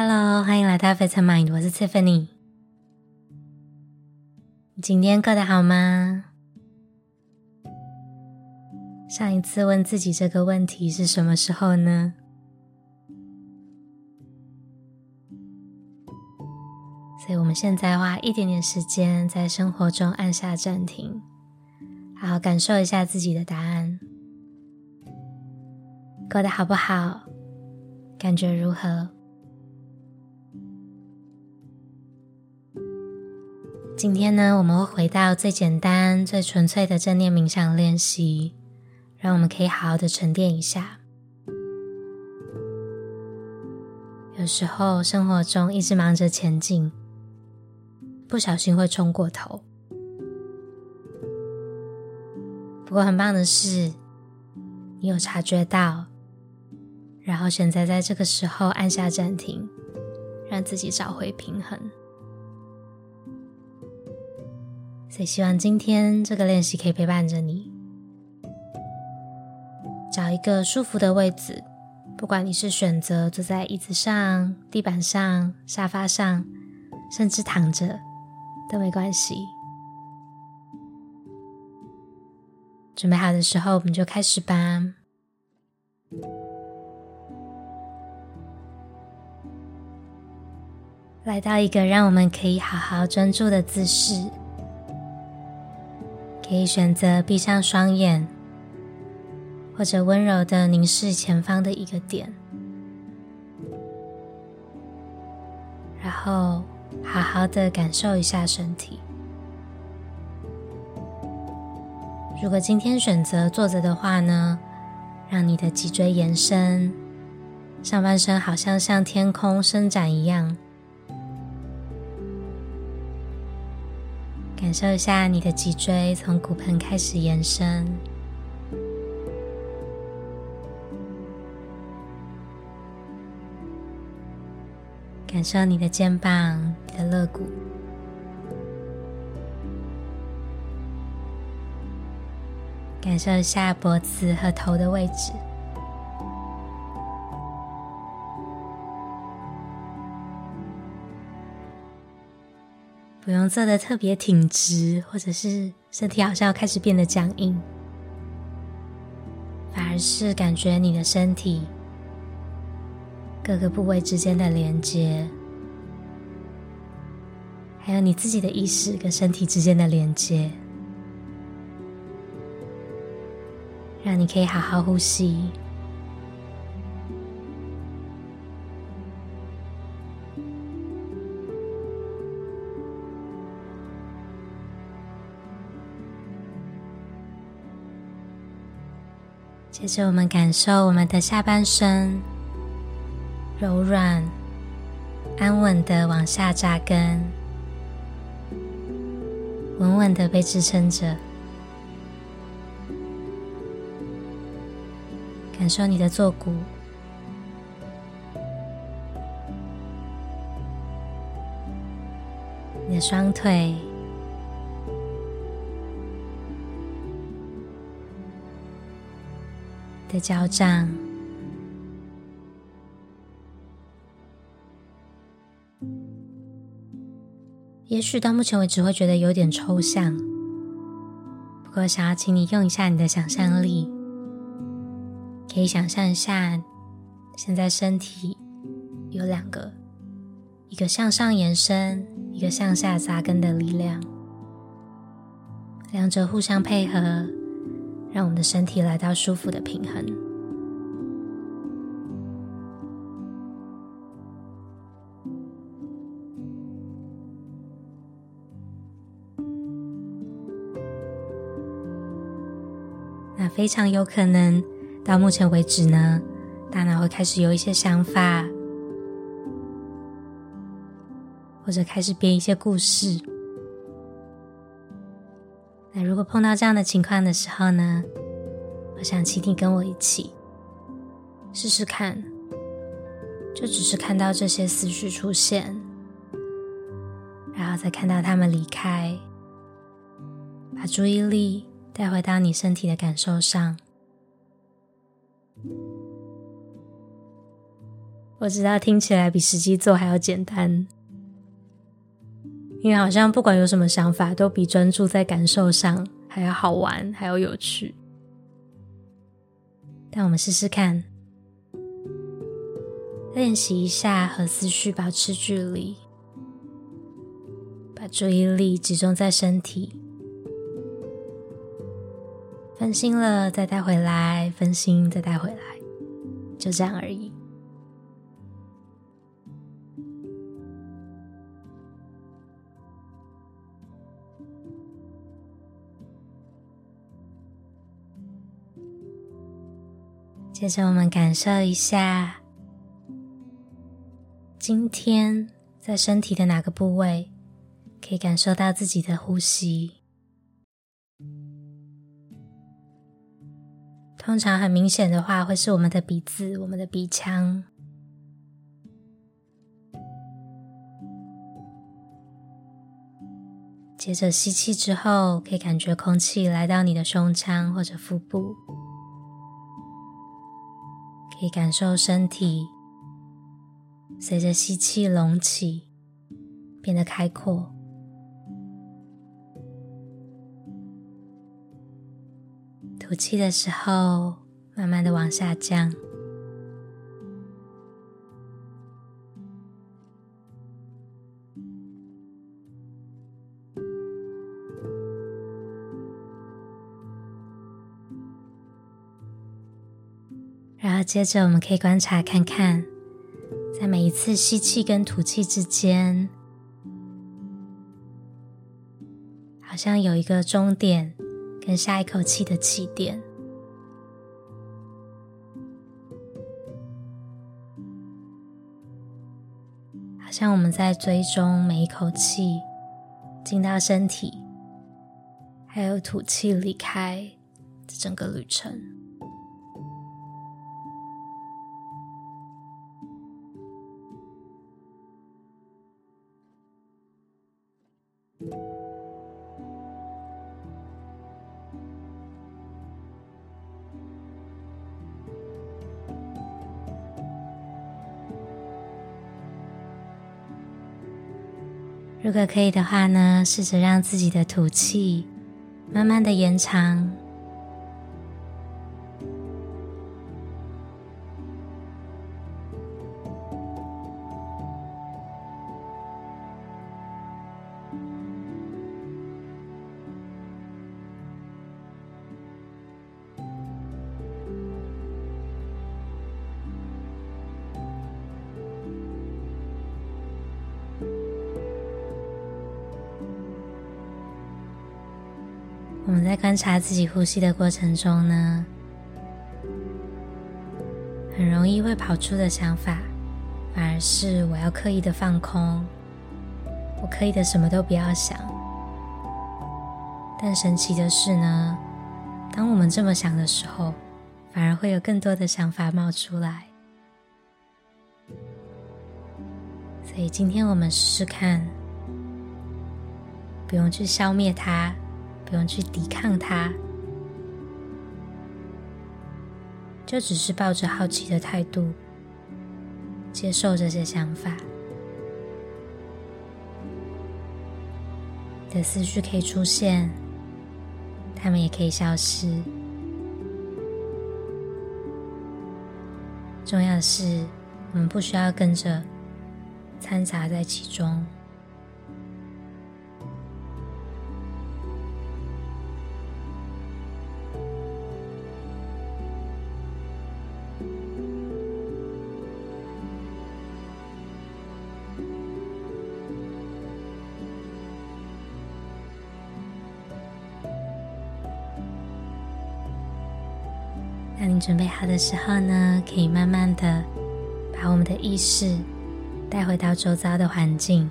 Hello，歡迎來到 Vitamind，我是 Tiffany。今天過得好嗎？上一次問自己這個問題是什麼時候呢？所以，我們現在花一點點時間，在生活中按下暫停，好好感受一下自己的答案，過得好不好？感覺如何？今天呢，我們會回到最簡單、最純粹的正念冥想練習，讓我們可以好好的沉澱一下。有時候生活中一直忙着前進，不小心會衝過頭。不過很棒的是，你有察覺到，然後選擇在這個時候按下暫停，讓自己找回平衡。也希望今天這個練習可以陪伴着你。找一個舒服的位置，不管你是選擇坐在椅子上、地板上、沙發上，甚至躺着，都沒關係。準備好的時候，我們就開始吧。來到一個讓我們可以好好專注的姿勢。可以選擇閉上雙眼，或者溫柔的凝視前方的一個點，然後好好的感受一下身體。如果今天選擇坐着的話呢，讓你的脊椎延伸，上半身好像向天空伸展一樣。感受一下你的脊椎從骨盆開始延伸，感受你的肩膀、你的肋骨，感受一下脖子和頭的位置。不用做得特別挺直，或者是身體好像要開始變得僵硬，反而是感覺你的身體各個部位之間的連接，還有你自己的意識跟身體之間的連接，讓你可以好好呼吸。接着，我們感受我們的下半身柔軟、安穩的往下扎根，穩穩的被支撐着。感受你的坐骨，你的雙腿。的腳掌，也許到目前為止會覺得有點抽象，不過想要請你用一下你的想象力，可以想象一下，現在身體有兩個，一個向上延伸，一個向下扎根的力量，兩者互相配合。讓我們的身體來到舒服的平衡。那非常有可能，到目前為止呢，大腦會開始有一些想法，或者開始編一些故事。碰到這樣的情況的時候呢，我想請你跟我一起試試看，就只是看到這些思緒出現，然後再看到他們離開，把注意力帶回到你身體的感受上。我知道聽起來比實際做還要簡單，因為好像不管有什麼想法，都比專注在感受上。還要好玩，還要有趣，但我們試試看，練習一下和思緒保持距離，把注意力集中在身體，分心了再帶回來，分心再帶回來，就這樣而已。接着，我們感受一下，今天在身體的哪個部位可以感受到自己的呼吸？通常很明顯的話，會是我們的鼻子、我們的鼻腔。接着吸氣之後，可以感覺空氣來到你的胸腔或者腹部。可以感受身體，隨着吸氣隆起，變得開闊。吐氣的時候，慢慢的往下降。接着，我們可以觀察看看，在每一次吸氣跟吐氣之間，好像有一個終點跟下一口氣的起點，好像我們在追蹤每一口氣進到身體，還有吐氣離開的整個旅程。如果可以的話呢，試着讓自己的吐氣慢慢的延長。在觀察自己呼吸的過程中呢，很容易會跑出的想法，反而是我要刻意的放空，我刻意的什麼都不要想。但神奇的是呢，當我們這麼想的時候，反而會有更多的想法冒出來。所以今天我們試試看，不用去消滅它。不用去抵抗它，就只是抱着好奇的態度接受這些想法。你的思緒可以出現，它們也可以消失。重要的是，我們不需要跟着摻雜在其中。準備好的時候呢，可以慢慢的把我們的意識帶回到周遭的環境。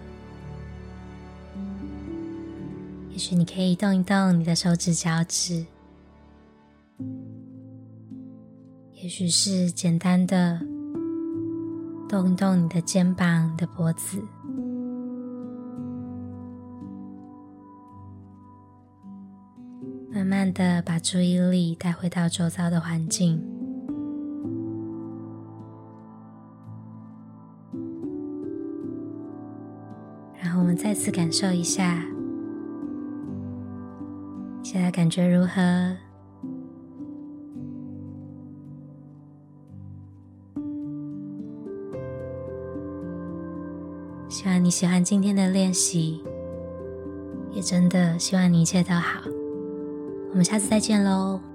也許你可以動一動你的手指腳趾，也許是簡單的動一動你的肩膀，你的脖子。的，把注意力帶回到周遭的環境，然後我們再次感受一下，現在感覺如何？希望你喜歡今天的練習，也真的希望你一切都好。我們下次再見嘍。